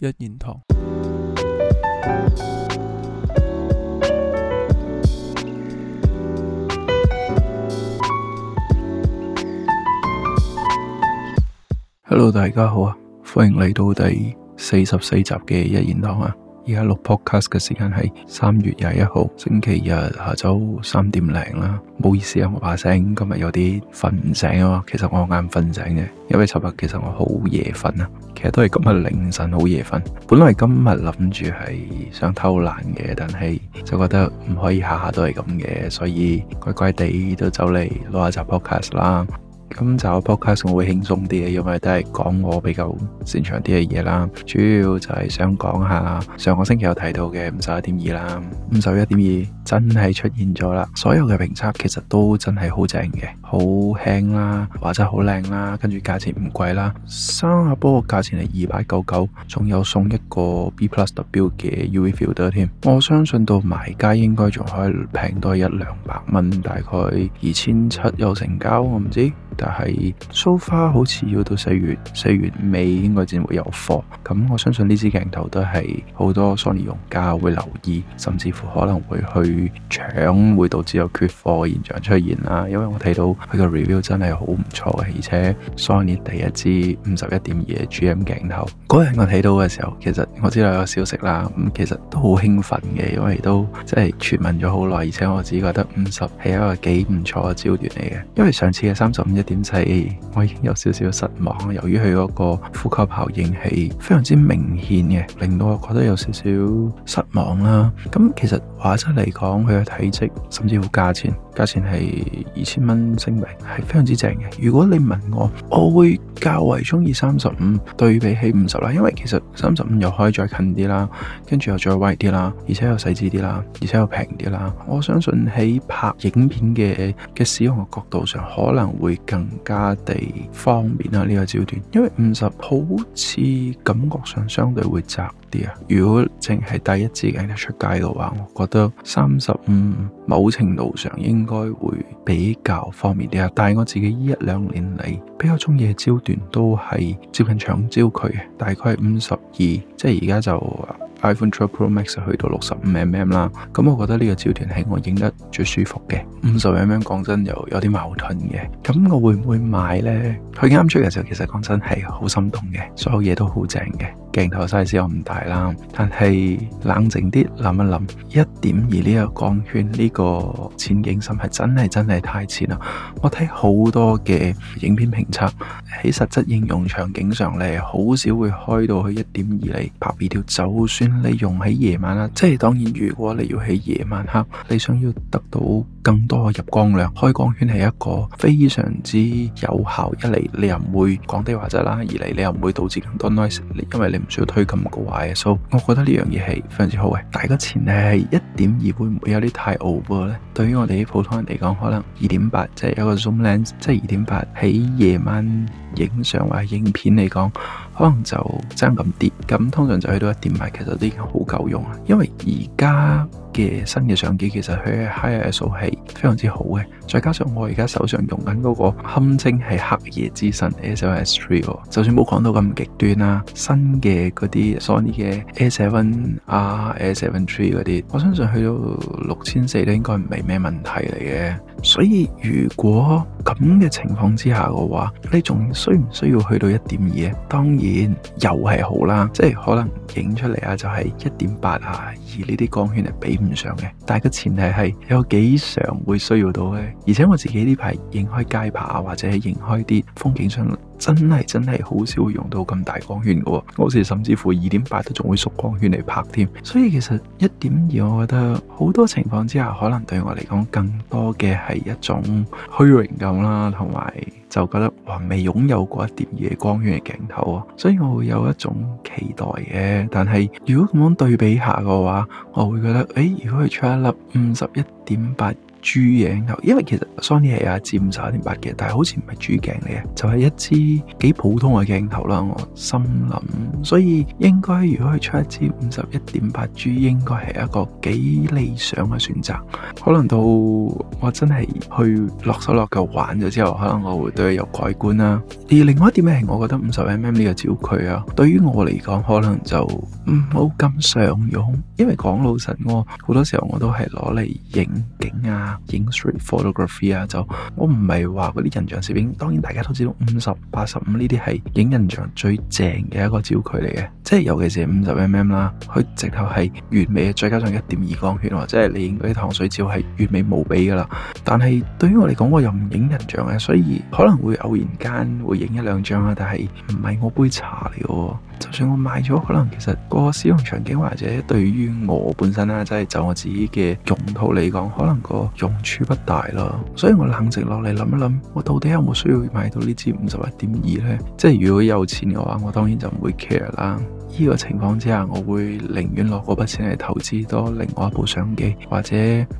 一言堂。Hello，大家好啊，歡迎嚟到第四十四集嘅一言堂啊。而家錄 podcast 嘅時間係三月廿一號星期日下晝三點零啦，唔好意思啊，我把聲今日有啲瞓唔醒啊，其實我啱瞓醒嘅，因為尋日其實我好夜瞓啊，其實都係今日凌晨好夜瞓。本來今日諗住係想偷懶嘅，但係就覺得唔可以下下都係咁嘅，所以乖乖地都走嚟攞下集 podcast 啦。今集嘅 podcast 會輕鬆啲嘅，因為都係講我比較擅長啲嘅嘢啦。主要就係想講下上個星期有提到嘅五十一點二啦，五十一點二真係出現咗啦。所有嘅評測其實都真係好正嘅，好輕啦，或者好靚啦，跟住價錢唔貴啦。三下波價錢係二百九九，仲有送一個 B Plus W 嘅 UV filter 添。我相信到買街應該仲可以平多一兩百蚊，大概二千七有成交，我唔知。但係 so far 好似要到四月，四月尾應該先會有貨。咁我相信呢支鏡頭都係好多 Sony 用家會留意，甚至乎可能會去搶，會導致有缺貨嘅現象出現啦。因為我睇到佢嘅 review 真係好唔錯嘅，而且 Sony 第一支五十一點二 GM 鏡頭，嗰日我睇到嘅時候，其實我知道有個消息啦。咁其實都好興奮嘅，因為都即係傳聞咗好耐，而且我自己覺得五十係一個幾唔錯嘅焦段嚟嘅，因為上次嘅三十五一。點睇，我已經有少少失望，由於佢嗰個呼吸效應係非常之明顯嘅，令到我覺得有少少失望啦。咁其實畫質嚟講，佢嘅體積甚至乎價錢，價錢係二千蚊，升明係非常之正嘅。如果你問我，我會較為中意三十五對比起五十啦，因為其實三十五又可以再近啲啦，跟住又再威啲啦，而且又細緻啲啦，而且又平啲啦。我相信喺拍影片嘅嘅使用嘅角度上，可能會更。更加地方便啊，呢個焦段，因為五十好似感覺上相對會窄啲啊。如果淨係第一支嘅出街嘅話，我覺得三十五某程度上應該會比較方便啲啊。但係我自己依一兩年嚟比較中意嘅焦段都係接近長焦距嘅，大概係五十二，即係而家就。iPhone 12 Pro Max 去到六十五 mm 啦，咁我覺得呢個焦段係我影得最舒服嘅。五十 mm 講真又有啲矛盾嘅，咁我會唔會買呢？佢啱出嘅時候，其實講真係好心動嘅，所有嘢都好正嘅。鏡頭 size 又唔大啦，但係冷靜啲諗一諗，一點二呢個光圈呢個前景深係真係真係太淺啦！我睇好多嘅影片評測，喺實質應用場景上咧，好少會開到去一點二嚟拍 B 調。就算你用喺夜晚啦，即係當然，如果你要喺夜晚黑，你想要得到更多嘅入光量，開光圈係一個非常之有效。一嚟你又唔會降低畫質啦，二嚟你又唔會導致咁多 noise，因為你。要推咁高嘅 ISO，我覺得呢樣嘢係非常之好嘅。大家前提係一點二會唔會有啲太 over 呢？對於我哋啲普通人嚟講，可能二點八即係有個 zoom lens，即係二點八喺夜晚影相或者影片嚟講。可能就爭咁跌，咁通常就去到一點，咪其實都已經好夠用啊。因為而家嘅新嘅相機其實佢 higher ISO 係非常之好嘅，再加上我而家手上用緊嗰、嗰個堪稱係黑夜之神 A7S3 喎，3, 就算冇講到咁極端啦，新嘅嗰啲 Sony 嘅 A7R、A7III 嗰啲，我相信去到六千四咧應該唔係咩問題嚟嘅。所以如果咁嘅情況之下嘅話，你仲需唔需要去到一點二？當然。又係好啦，即係可能影出嚟啊，就係一點八啊，而呢啲光圈係比唔上嘅。但係個前提係有幾常會需要到呢，而且我自己呢排影開街拍啊，或者影開啲風景相。真係真係好少會用到咁大光圈嘅。哦，我哋甚至乎二點八都仲會縮光圈嚟拍添。所以其實一點二，我覺得好多情況之下，可能對我嚟講，更多嘅係一種虛榮感啦，同埋就覺得哇，未擁有過一點二嘅光圈嘅鏡頭啊，所以我會有一種期待嘅。但係如果咁樣對比下嘅話，我會覺得誒、欸，如果佢出一粒五十一點八。主鏡頭，因為其實 Sony 係係一支五十一點八嘅，但係好似唔係主鏡嚟嘅，就係一支幾普通嘅鏡頭啦。我心諗，所以應該如果佢出一支五十一點八 G，應該係一個幾理想嘅選擇。可能到我真係去落手落腳玩咗之後，可能我會對佢有改觀啦。而另外一點係，我覺得五十 mm 呢個焦距啊，對於我嚟講，可能就唔好咁常用，因為講老實我好多時候我都係攞嚟影景啊。影 street photography 啊，就我唔係話嗰啲人像攝影，當然大家都知道，五十八十五呢啲係影人像最正嘅一個焦距嚟嘅，即係尤其是五十 mm 啦，佢直頭係完美，再加上一點二光圈，即係你影嗰啲糖水照係完美無比噶啦。但係對於我嚟講，我又唔影人像啊，所以可能會偶然間會影一兩張啊，但係唔係我杯茶嚟嘅。就算我買咗，可能其實個使用場景或者對於我本身啦，即係就我自己嘅用途嚟講，可能個用處不大咯。所以我冷靜落嚟諗一諗，我到底有冇需要買到呢支五十一點二呢？即係如果有錢嘅話，我當然就唔會 care 啦。呢個情況之下，我會寧願攞嗰筆錢嚟投資多另外一部相機，或者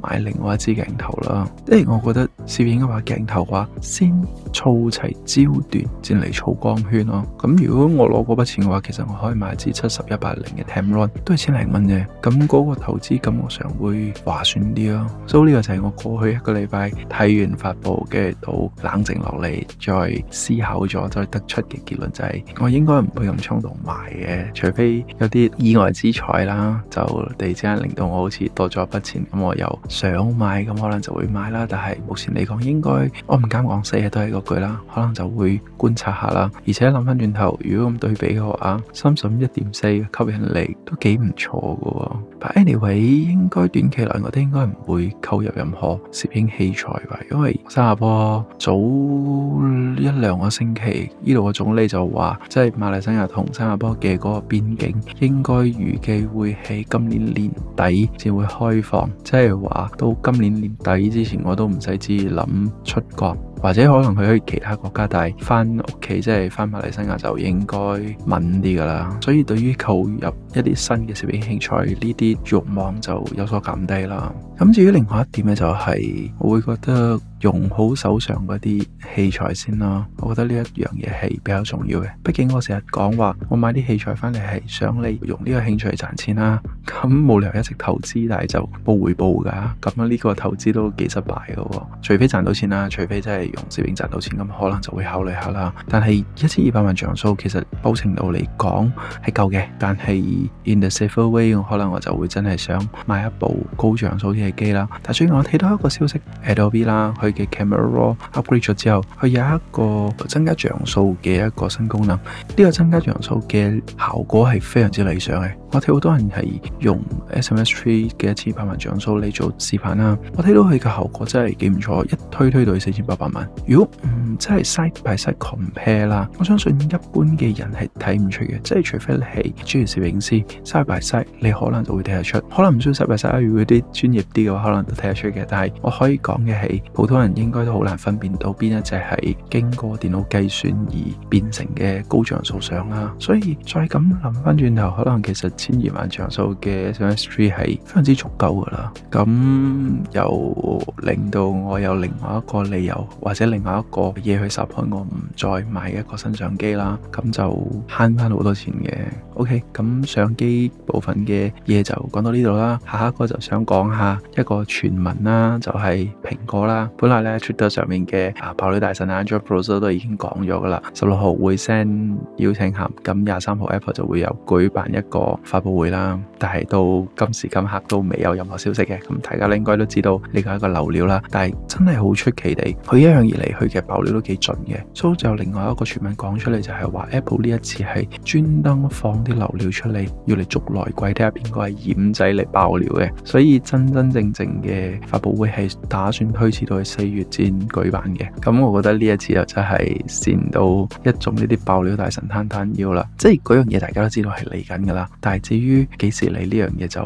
買另外一支鏡頭啦。即係我覺得攝影嘅話，鏡頭嘅話先。湊齊焦段，先嚟湊光圈咯、啊。咁如果我攞嗰筆錢嘅話，其實我可以買支七十一八零嘅 Tamron，都係千零蚊啫。咁嗰個投資感覺上會划算啲咯、啊。所以呢個就係我過去一個禮拜睇完發佈嘅到冷靜落嚟，再思考咗再得出嘅結論就係、是，我應該唔會咁衝動買嘅，除非有啲意外之財啦，就突然之間令到我好似多咗一筆錢，咁我又想買，咁可能就會買啦。但係目前嚟講，應該我唔敢講死嘅，都係個。句啦，可能就會觀察下啦。而且諗翻轉頭，如果咁對比嘅話，三十一點四嘅吸引力都幾唔錯嘅。但 anyway，應該短期內我哋應該唔會購入任何攝影器材吧？因為新加坡早一兩個星期，呢度嘅總理就話，即係馬來西亞同新加坡嘅嗰個邊境應該預計會喺今年年底先會開放。即係話到今年年底之前，我都唔使至諗出國，或者可能佢。去其他國家，但係返屋企即係返馬來西亞就應該穩啲㗎啦。所以對於購入一啲新嘅攝影器材，呢啲慾望就有所減低啦。咁至於另外一點咧、就是，就係我會覺得用好手上嗰啲器材先咯。我覺得呢一樣嘢係比較重要嘅。畢竟我成日講話，我買啲器材翻嚟係想利用呢個興趣嚟賺錢啦。咁冇理由一直投資，但係就冇回報㗎。咁樣呢個投資都幾失敗嘅喎。除非賺到錢啦，除非真係用攝影賺到錢，咁可能就會考慮下啦。但係一千二百萬像素其實某程度嚟講係夠嘅。但係 in the safer way，我可能我就會真係想買一部高像素啲嘅。機啦，但最後我睇到一個消息 Adobe 啦，佢嘅 camera Raw upgrade 咗之後，佢有一個增加像素嘅一個新功能，呢、這個增加像素嘅效果係非常之理想嘅。我睇好多人係用 SMS3 嘅一千八萬像素嚟做視頻啦，我睇到佢嘅效果真係幾唔錯，一推推到四千八百萬，如果唔？即係 side by side compare 啦，我相信一般嘅人係睇唔出嘅，即係除非你係專業攝影師，side by side 你可能就會睇得出，可能唔算 side by side。如果啲專業啲嘅話，可能都睇得出嘅。但係我可以講嘅係，普通人應該都好難分辨到邊一隻係經過電腦計算而變成嘅高像素相啦。所以再咁諗翻轉頭，可能其實千二萬像素嘅 Sony A7S3 係非常之足夠噶啦。咁又令到我有另外一個理由，或者另外一個嘢去十款，我唔再買一個新相機啦，咁就慳翻好多錢嘅。OK，咁相機部分嘅嘢就講到呢度啦。下一個就想講下一個傳聞啦，就係蘋果啦。本嚟呢 Twitter 上面嘅爆料大神 Android Pro 都已經講咗噶啦，十六號會 send 邀請函，咁廿三號 Apple 就會有舉辦一個發布會啦。但係到今時今刻都未有任何消息嘅，咁大家咧應該都知道呢個係一個流料啦。但係真係好出奇地，佢一向以嚟去去嘅爆料。都幾準嘅，所以就另外一個傳聞講出嚟，就係話 Apple 呢一次係專登放啲流料出嚟，要嚟捉內鬼，睇下邊個係掩仔嚟爆料嘅。所以真真正正嘅發布會係打算推遲到去四月先舉辦嘅。咁我覺得呢一次又真係善到一眾呢啲爆料大神攤攤腰啦。即係嗰樣嘢大家都知道係嚟緊㗎啦，但係至於幾時嚟呢樣嘢就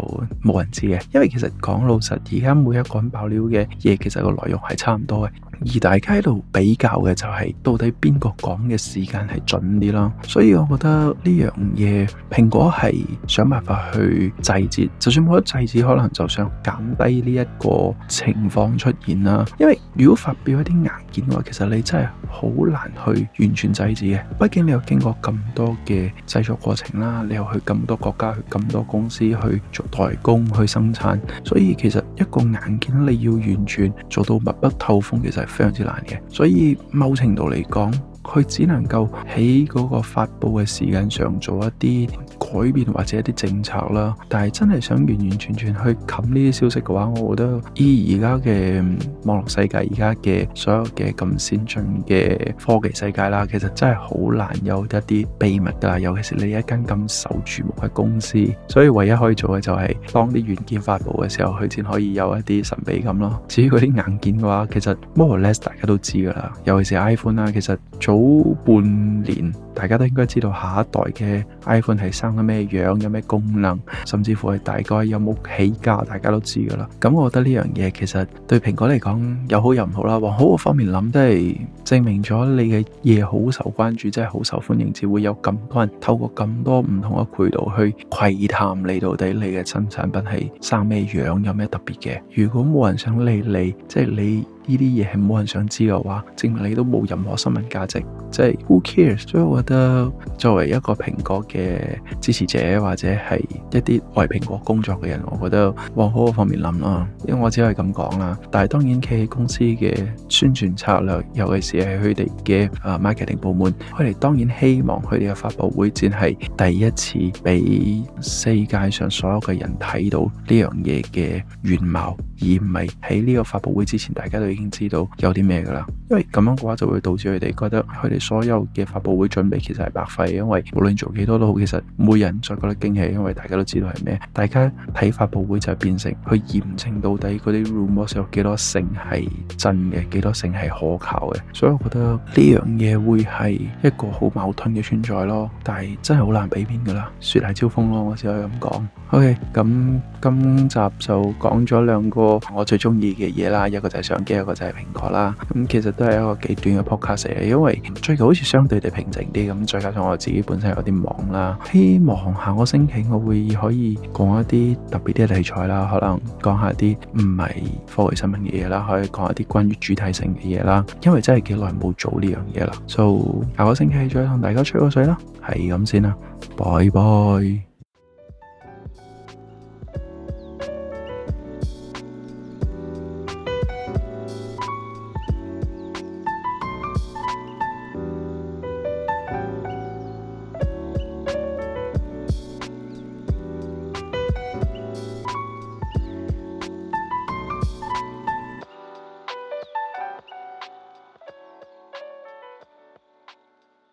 冇人知嘅。因為其實講老實，而家每一個人爆料嘅嘢其實個內容係差唔多嘅。而大家喺度比較嘅就係到底邊個講嘅時間係準啲啦，所以我覺得呢樣嘢蘋果係想辦法去制止，就算冇得制止，可能就想減低呢一個情況出現啦。因為如果發表一啲硬件嘅話，其實你真係好難去完全制止嘅，畢竟你又經過咁多嘅製作過程啦，你又去咁多國家、去咁多公司去做代工去生產，所以其實一個硬件你要完全做到密不透風其實非常之難嘅，所以某程度嚟講，佢只能夠喺嗰個發布嘅時間上做一啲改變或者一啲政策啦，但係真係想完完全全去冚呢啲消息嘅話，我覺得依而家嘅網絡世界、而家嘅所有嘅咁先進嘅科技世界啦，其實真係好難有一啲秘密㗎，尤其是你一間咁受注目嘅公司，所以唯一可以做嘅就係當啲軟件發布嘅時候，佢先可以有一啲神秘感咯。至於嗰啲硬件嘅話，其實 more or less 大家都知噶啦，尤其是 iPhone 啦，其實做。好半年，大家都應該知道下一代嘅 iPhone 係生咗咩樣，有咩功能，甚至乎係大概有冇起價，大家都知噶啦。咁我覺得呢樣嘢其實對蘋果嚟講有好有唔好啦。往好嘅方面諗都係證明咗你嘅嘢好受關注，即係好受歡迎，先會有咁多人透過咁多唔同嘅渠道去窺探你到底你嘅新產品係生咩樣，有咩特別嘅。如果冇人想理你，即係你。呢啲嘢係冇人想知嘅話，證明你都冇任何新聞價值，即係 who cares？所以我覺得作為一個蘋果嘅支持者，或者係一啲為蘋果工作嘅人，我覺得往好嘅方面諗啦。因為我只可以咁講啦。但係當然，企業公司嘅宣傳策略，尤其是係佢哋嘅啊 marketing 部門，佢哋當然希望佢哋嘅發布會展係第一次俾世界上所有嘅人睇到呢樣嘢嘅原貌，而唔係喺呢個發佈會之前，大家都～已經知道有啲咩噶啦，因為咁樣嘅話就會導致佢哋覺得佢哋所有嘅發布會準備其實係白費，因為無論做幾多都好，其實每人再覺得驚喜，因為大家都知道係咩，大家睇發布會就變成去驗證到底嗰啲 rumors 有幾多成係真嘅，幾多成係可靠嘅，所以我覺得呢樣嘢會係一個好矛盾嘅存在咯，但係真係好難避免噶啦，樹大招風咯，我只可以咁講。OK，咁今集就講咗兩個我最中意嘅嘢啦，一個就係相機。或者係蘋果啦，咁其實都係一個幾短嘅 podcast，因為最近好似相對地平靜啲，咁再加上我自己本身有啲忙啦，希望下個星期我會可以講一啲特別啲嘅題材啦，可能講下啲唔係科技新聞嘅嘢啦，可以講一啲關於主題性嘅嘢啦，因為真係幾耐冇做呢樣嘢啦，So，下個星期再同大家吹個水啦，係咁先啦，拜拜。